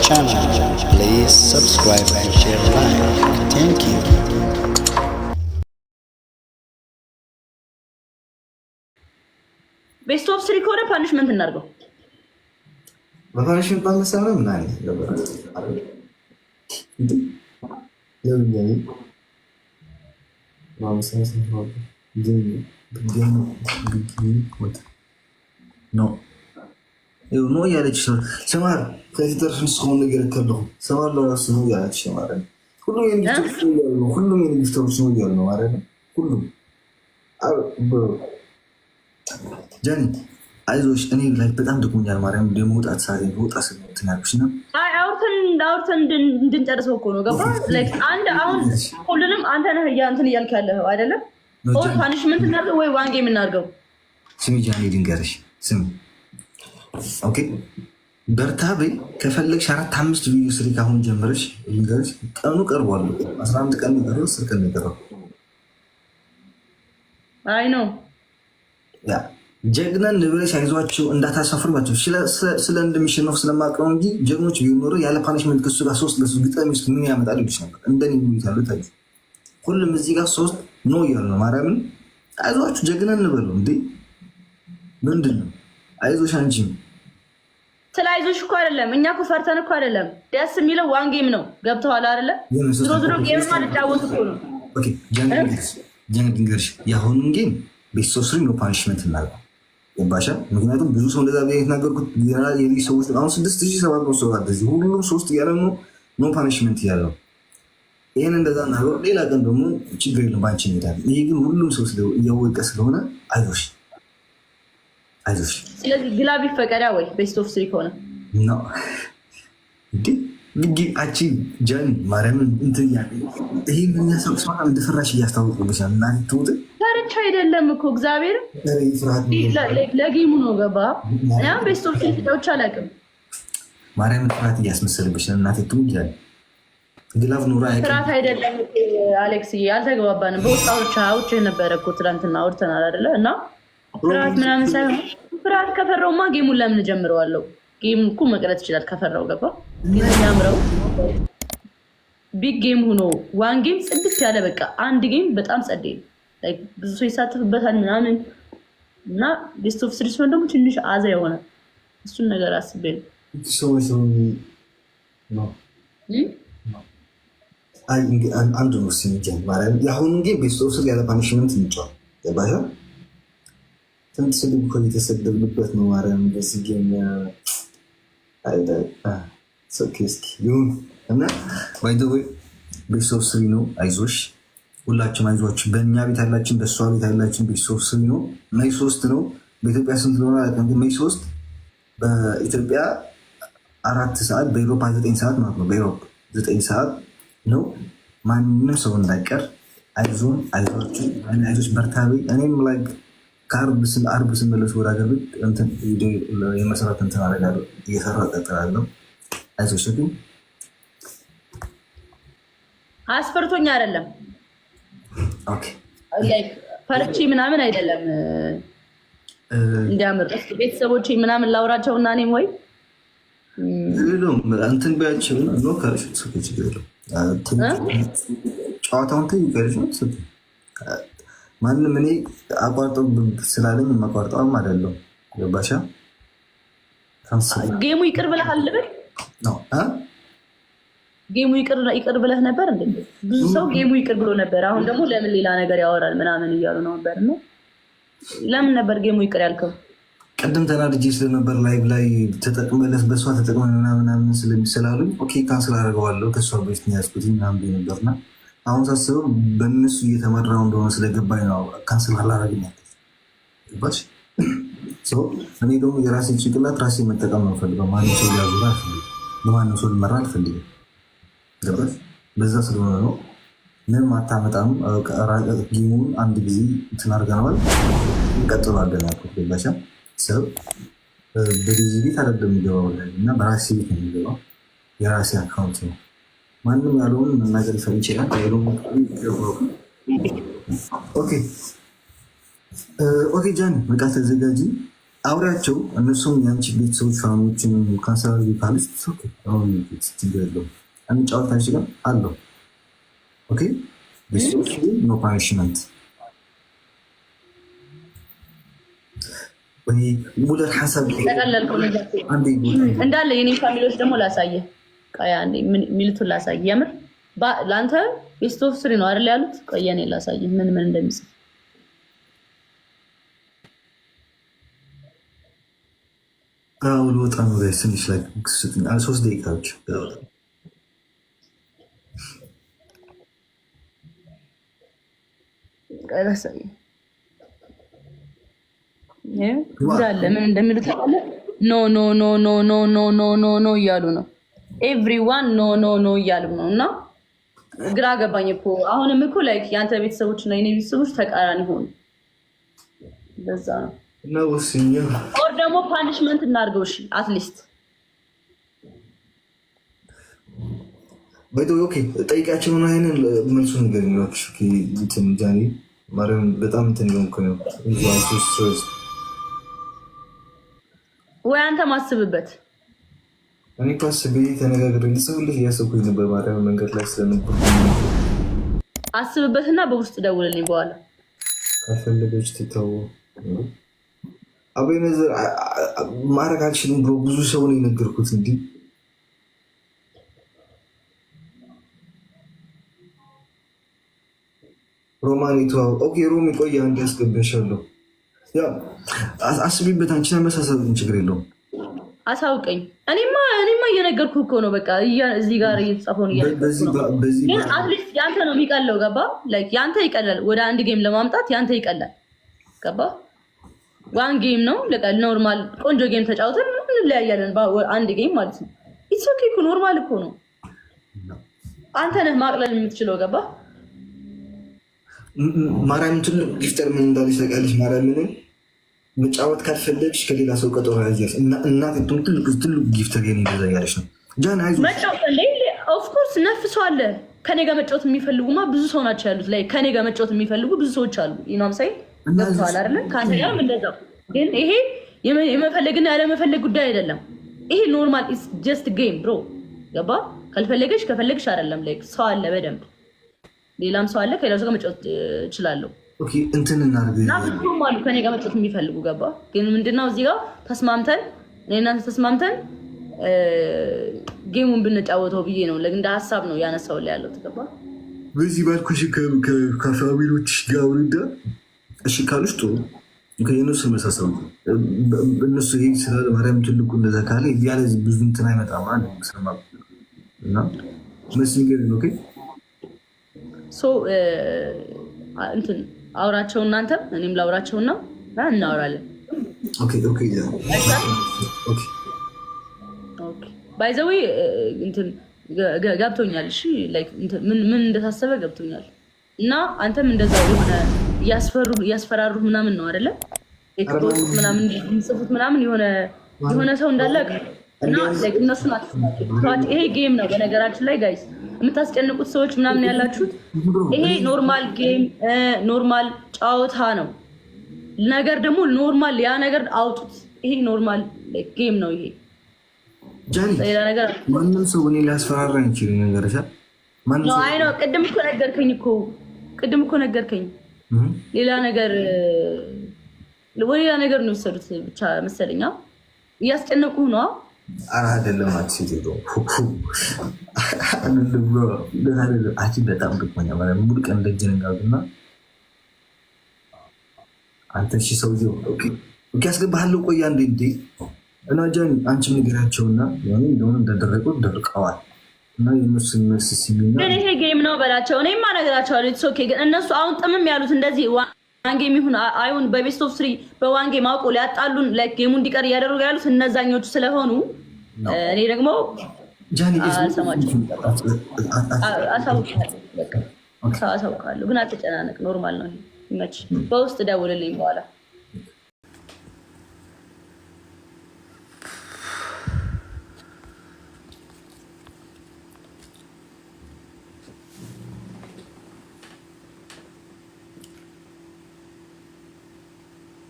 channel. Please subscribe and share like. Thank you. ቤስት ኦፍ ስሪ ከሆነ ፓኒሽመንት እናድርገው። በፓኒሽመንት ባልመሰረ ምናምን ነው ኖ እያለች ሰማር ከዚህ ጠርፍን ስሆን ነገር ከለሁ ሰማር ለራሱ ነው እያለች ነው ሁሉም የሚፍተሮች ነው እያሉ ነው። ሁሉም የሚፍተሮች ነው እያሉ ነው ማለ ሁሉም ጃኒ አይዞሽ፣ እኔ ላይ በጣም ደክሞኛል። ማርያም የመውጣት ሳ ወጣ ስትን ያልኩሽ እና አውርተን እንዳውርተን እንድንጨርሰው እኮ ነው ገባ። አንድ አሁን ሁሉንም አንተ ነህ እንትን እያልክ ያለ አይደለም። ፓኒሽመንት እናድርገው ወይ ዋንጌ የምናርገው ስሚ ጃኒ፣ ድንገርሽ ስሚ በርታ በይ። ከፈለግሽ አራት አምስት ቪዲዮ ስሪ ካሁን ጀምረሽ። የሚገርምሽ ቀኑ ቀርቧል። አስራ አንድ ቀን ነገር ስር ቀን ነገር አይ ነው ጀግነን ንብረሽ አይዟቸው ባቸው ስለ እንደሚሸነፉ ስለማውቀው እንጂ ጀግኖች ቢኖሩ ያለ ፓኒሽመንት ክሱ ጋር ሶስት ለሱ ግጠሚ ውስጥ ምን ያመጣል ይሉሽ ነበር። እንደኔ የሚታሉ ታ ሁሉም እዚህ ጋር ሶስት ኖ እያሉ ነው። ማርያምን አይዟችሁ ጀግነን ንበሉ እንዴ ምንድን ነው አይዞሽ አንቺም ስለ አይዞሽ እኮ አይደለም። እኛ እኮ ፈርተን እኮ አይደለም። ደስ የሚለው ዋን ጌም ነው። ገብተዋል አይደለ? ዝሮ ዝሮ ጌም ልጫወት እኮ ነው። ጀንግንገርሽ የአሁኑን ጌም ቤተሰስሪ ነው ፓኒሽመንት እናለ ባሻ ምክንያቱም ብዙ ሰው እንደዛ የተናገርኩት የልጅ ሰዎች አሁን ስድስት ሺህ ሰባት ነው ሰባት ዚ ሁሉም ሶስት እያለ ነው ኖ ፓኒሽመንት እያለው ይህን እንደዛ ናገሩ። ሌላ ቀን ደግሞ ችግር የለም ባንቺ ይሄዳል። ይሄ ግን ሁሉም ሰው እያወቀ ስለሆነ አይዞሽ ስለዚህ ግላብ ይፈቀዳ ወይ? ቤስት ኦፍ ስሪ ከሆነ አቺ ጃን ማርያምን እንትን ይሄ እንደፈራሽ እያስታወቁብሻ ፈርቻ አይደለም እኮ እግዚአብሔር ለጌሙ ነው ገባ ያም ቤስት ኦፍ ስሪ አላውቅም። ማርያምን ፍርሃት እያስመሰልብሽ ትውጃል። ግላፍ ኑሮ ፍርሃት አይደለም አሌክስ፣ አልተግባባንም። በውስጥ አውጭ ነበረ እኮ አውርተናል እና ፍርሃት ምናምን ሳይሆን ፍርሃት ከፈራውማ ጌሙን ለምን እጀምረዋለሁ? ጌም እኮ መቅረት ይችላል። ከፈራው ገባ ያምረው ቢግ ጌም ሆኖ ዋን ጌም ጽድት ያለ በቃ አንድ ጌም በጣም ጸዴ ብዙ ሰው ይሳተፍበታል ምናምን እና ቤስት ኦፍ ስሪ ሲሆን ደግሞ ትንሽ አዛ የሆነ እሱን ነገር አስቤ ነው። አንዱ ነው ሲሚጃ ማለት የአሁኑ ጌም ቤስት ኦፍ ስሪ ያለ ፓኒሽመንት እንጫዋል ባሻ ትንሽ ስድብ እኮ እየተሰደብንበት ነው። ማርያም እንደዚህ ጌም ይሁን እና ባይዘዌ ቤተሰብ ስሪ ነው። አይዞሽ ሁላችሁም አይዞች። በእኛ ቤት ያላችን በእሷ ቤት ያላችን ቤተሰብ ስሪ ነው። ሜይ ሶስት ነው። በኢትዮጵያ ስንት ነው? አላውቅም፣ ግን ሜይ ሶስት በኢትዮጵያ አራት ሰዓት በኤሮፓ ዘጠኝ ሰዓት ማለት ነው። በኤሮፓ ዘጠኝ ሰዓት ነው። ማንም ሰው እንዳይቀር አይዞን፣ አይዞች፣ አይዞች በርታቤ እኔም ላይ ከአርብ አርብ ስመለሱ ወደ ሀገር ቤት የመሰራት እንትን አደርጋለሁ እየሰራ እቀጥላለሁ። አይዞሽ ግን አስፈርቶኝ አይደለም ፈርቺ ምናምን አይደለም። እንዲያምር ቤተሰቦች ምናምን ላውራቸው እና እኔም ወይ እንትን ቢያቸው ጨዋታውን ማንም እኔ አቋርጦ ስላለኝ የማቋርጠውም አይደለው። ገባሻ? ጌሙ ይቅር ብለህ አልብል ጌሙ ይቅር ብለህ ነበር። እንደ ብዙ ሰው ጌሙ ይቅር ብሎ ነበር። አሁን ደግሞ ለምን ሌላ ነገር ያወራል ምናምን እያሉ ነው ነበር ለምን ነበር ጌሙ ይቅር ያልከው? ቅድም ተናድጄ ስለነበር ላይ ላይ ተጠቅመለት በእሷ ተጠቅመ ምናምን ስለሚስላሉኝ ኦኬ ካንስል አደርገዋለሁ ከእሷ በፊት ያዝኩት ምናምን ነበርና አሁን ሳስበው በእነሱ እየተመራው እንደሆነ ስለገባኝ ነው ካንስል አላረግም ያለች እኔ ደግሞ የራሴን ጭንቅላት ራሴ መጠቀም ነው ፈልገው ማንም ሰው ሊያዙራ አልፈልግም፣ በማንም ሰው ልመራ አልፈልግም። ገባሽ። በዛ ስለሆነ ነው ምንም አታመጣም። ጌሙን አንድ ጊዜ እንትን አድርገነዋል፣ እንቀጥለዋለን ያልኩት ሰብ በዚህ ቤት አደለ የሚገባው እና በራሴ ቤት ነው የሚገባው። የራሴ አካውንት ነው ማንም ያለውን መናገር ሰው ይችላል። ኦኬ ጃኒ በቃ ተዘጋጂ፣ አውሪያቸው። እነሱም የአንቺ ቤተሰቦች ፋኖችን ካሰራዊ ካሉስ ችግር የለውም እንጫወታች ጋር አለው። ኦኬ ቤተሰቦች ኖ ፓኒሽመንት ሙለር ሀሳብ እንዳለ የኔ ፋሚሊዎች ደግሞ ላሳየ ሚልቱን ላሳይ። የምር ለአንተ ቤስት ኦፍ ስሪ ነው አይደል ያሉት? ቆይ ላሳይ ምን ምን እንደሚጽፍ ልወጣ ነው። ትንሽ ሶስት ደቂቃዎች ምን እንደሚሉ ኖ ኖ ኖ ኖ ኖ ኖ ኖ እያሉ ነው ኤቭሪዋን ኖ ኖ ኖ እያሉ ነው እና ግራ ገባኝ እኮ አሁንም እኮ ላይክ የአንተ ቤተሰቦች እና የኔ ቤተሰቦች ተቃራኒ ሆኑ። በዛ ነው ኦር ደግሞ ፓኒሽመንት እናድርገው። እሺ አትሊስት በይ ኦኬ፣ ጠይቃቸው ሆነ ይንን መልሱ ነገር ላሽ ጃኒ ማርያም በጣም እንትን ሆንኩ ነው ወይ አንተ ማስብበት እኔ እኮ አስቤ ተነጋግረን ልጽፍልህ እያሰብኩኝ ነበር። ማርያም መንገድ ላይ ስለነበር አስብበትና በውስጥ ደውልልኝ። በኋላ ከፈለገች ትተው አበይ ነዘር ማድረግ አልችልም ብሎ ብዙ ሰው ነው የነገርኩት። እንዲህ ሮማኒቱ ኦኬ፣ ሮሚ ሮም ይቆያ እንዲያስገባሻለሁ። አስቢበት፣ አንቺን መሳሰብ ችግር የለውም አሳውቀኝ። እኔማ እኔማ እየነገርኩ እኮ ነው። በቃ እዚህ ጋር እየተጻፈውን ግን አትሊስት የአንተ ነው የሚቀለው። ገባ? የአንተ ይቀላል። ወደ አንድ ጌም ለማምጣት የአንተ ይቀላል። ገባ? ዋን ጌም ነው ኖርማል። ቆንጆ ጌም ተጫውተን እንለያያለን። አንድ ጌም ማለት ነው። ኢትስ ኦኬ እኮ ኖርማል እኮ ነው። አንተ ነህ ማቅለል የምትችለው። ገባ? ማርያም ትልቅ ጊፍተር ምን እንዳለች ታውቃለች። ማርያም ምንም መጫወት ካልፈለግሽ ከሌላ ሰው ቀጠሮ ያዝ። እናት ትልቅ ጊፍት ገን ይዘያለች ነው ጃን አይዞ ኦፍኮርስ አለ። ከኔ ጋር መጫወት የሚፈልጉማ ብዙ ሰው ናቸው ያሉት። ላይ ከኔ ጋር መጫወት የሚፈልጉ ብዙ ሰዎች አሉ። ይናምሳይ ገብተዋል አለ ከአንተ ጋርም እንደዛው። ግን ይሄ የመፈለግና ያለመፈለግ ጉዳይ አይደለም። ይሄ ኖርማል ኢስ ጀስት ጌም ብሮ ገባ። ካልፈለገሽ ከፈለግሽ አይደለም። ላይ ሰው አለ፣ በደንብ ሌላም ሰው አለ። ከሌላ ሰው ጋር መጫወት እችላለሁ። እንትን እናድርግም አሉ ከኔ ጋር መጥት የሚፈልጉ ገባ። ግን ምንድነው እዚህ ጋር ተስማምተን እናንተ ተስማምተን ጌሙን ብንጫወተው ብዬ ነው። እንደ ሀሳብ ነው ያነሳው ላይ ያለው ገባ። በዚህ ባልኩሽ ከፋሚሎች ጋር ውንዳ እሺ ካሉሽ ጥሩ የእነሱ መሳሰብ እነሱ ይህ ስለ ማርያም ትልቁ እንደዛ ካለ እያለ ብዙ እንትን አይመጣም እና መስሚገ ነው እንትን አውራቸው እናንተም እኔም ላውራቸውና እናወራለን። ባይዘዌ እንትን ገብቶኛል። እሺ ምን እንደታሰበ ገብቶኛል። እና አንተም እንደዛ የሆነ እያስፈራሩ ምናምን ነው አይደለ? ምናምን ምናምን የሆነ ሰው እንዳለ ይሄ ጌም ነው። በነገራችን ላይ ጋይስ የምታስጨንቁት ሰዎች ምናምን ያላችሁት ይሄ ኖርማል ጌም ኖርማል ጨዋታ ነው። ነገር ደግሞ ኖርማል ያ ነገር አውጡት። ይሄ ኖርማል ጌም ነው። ይሄ ማንም ሰው እኔ ሊያስፈራራ ይችል ነገር አይ ነው። ቅድም እኮ ነገርከኝ እኮ ቅድም እኮ ነገርከኝ። ሌላ ነገር ወደ ሌላ ነገር ነው የወሰዱት ብቻ መሰለኛ እያስጨነቁ ነው አይደለም በጣም ደክሞኛ ሙሉ ቀን ደጅ ነጋግና አንተ ሺ ሰው ያስገባሃለው ቆያ እንዴ እንዴ እና ጃኒ አንቺ ንገሪያቸውና እንደሆነ እንደደረቁ ደርቀዋል እና የእነሱ መልስ ሲሚና ይሄ ጌም ነው በላቸው። እኔማ እነግራቸዋለሁ። ኦኬ ግን እነሱ አሁን ጥምም ያሉት እንደዚህ ዋን ጌም ይሁን አይሁን በቤስት ኦፍ ስሪ በዋን ጌም አውቆ ሊያጣሉን ጌሙ እንዲቀር እያደረጉ ያሉት እነዛኞቹ ስለሆኑ እኔ ደግሞ አሳውቃለሁ። ግን አትጨናነቅ፣ ኖርማል ነው። ይመችህ። በውስጥ ደውልልኝ በኋላ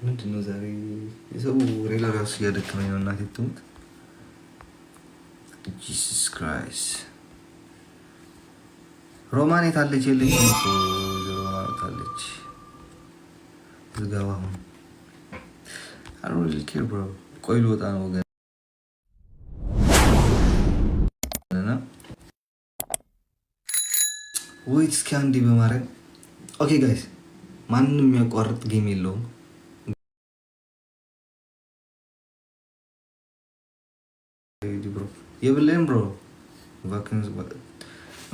ምንድን ነው ዛሬ የሰው ሬላ ራሱ እያደከመኝ ነው። እናቴ ትሙት። ጂሱስ ክራይስት ሮማን የታለች? የለች ታለች። ዝጋባ አሁን አሮልኬ ብሮ ቆይ ልወጣ ነው ወገን ወይት እስኪ አንዴ በማድረግ ኦኬ ጋይስ ማንም የሚያቋርጥ ጌም የለውም። bro. የብላይም ብሮ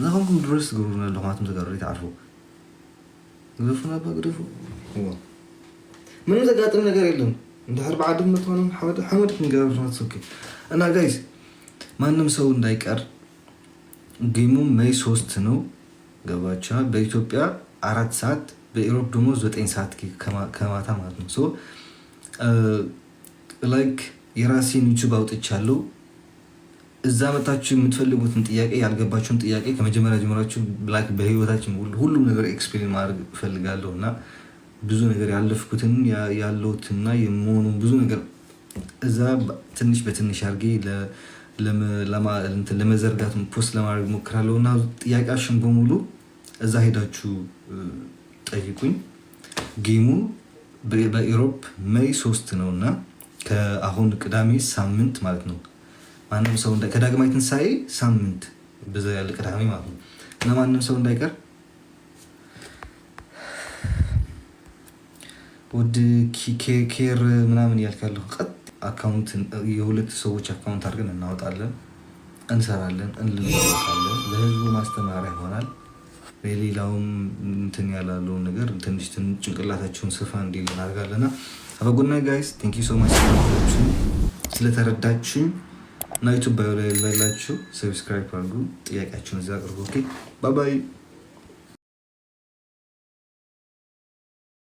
ንዛኹምኩም ድረስ ትገብሩ ኣለኹማትም ተጋሩ ተዓርፉ ግደፉ ናባ ግደፉ ምንም ዘጋጥም ነገር የለም እንድሕር በዓድም መትኾኖም ሓመድ ክንገብርናት ሶኪ እና ጋይስ ማንም ሰው እንዳይቀር ጌሙ ሜይ ሶስት ነው ገባቻ በኢትዮጵያ አራት ሰዓት በኢሮፕ ደግሞ ዘጠኝ ሰዓት ከማታ ማለት ነው ላይክ የራሴን ዩቱብ አውጥቻለሁ እዛ መታችሁ የምትፈልጉትን ጥያቄ ያልገባችሁን ጥያቄ ከመጀመሪያ ጀምራችሁ ብላክ በህይወታችን ሁሉም ነገር ኤክስፔሪን ማድረግ እፈልጋለሁ እና ብዙ ነገር ያለፍኩትን ያለሁትና የመሆኑ ብዙ ነገር እዛ ትንሽ በትንሽ አድርጌ ለመዘርጋት ፖስት ለማድረግ ሞክራለሁ እና ጥያቄያችን በሙሉ እዛ ሄዳችሁ ጠይቁኝ። ጌሙ በኢሮፕ መይ ሶስት ነው እና ከአሁን ቅዳሜ ሳምንት ማለት ነው ማንም ሰው ከዳግማዊ ትንሳኤ ሳምንት ብዙ ያለ ቅዳሜ ማለት ነው እና ማንም ሰው እንዳይቀር ወድ ኬር ምናምን እያልካለሁ ቀጥ አካውንት የሁለት ሰዎች አካውንት አድርገን እናወጣለን፣ እንሰራለን፣ እንልለታለን። ለህዝቡ ማስተማሪያ ይሆናል። የሌላውም እንትን ያላለውን ነገር ትንሽ ትንሽ ጭንቅላታችሁን ስፋ እንዲል እናደርጋለና አበጎና ጋይስ ቴንክ ዩ ሶ ማች ስለተረዳችን እና ዩቱብ ባዮ ላይ ላላችሁ ሰብስክራይብ አድርጉ። ጥያቄያችሁን እዛ አቅርቡ። ኦኬ ባባይ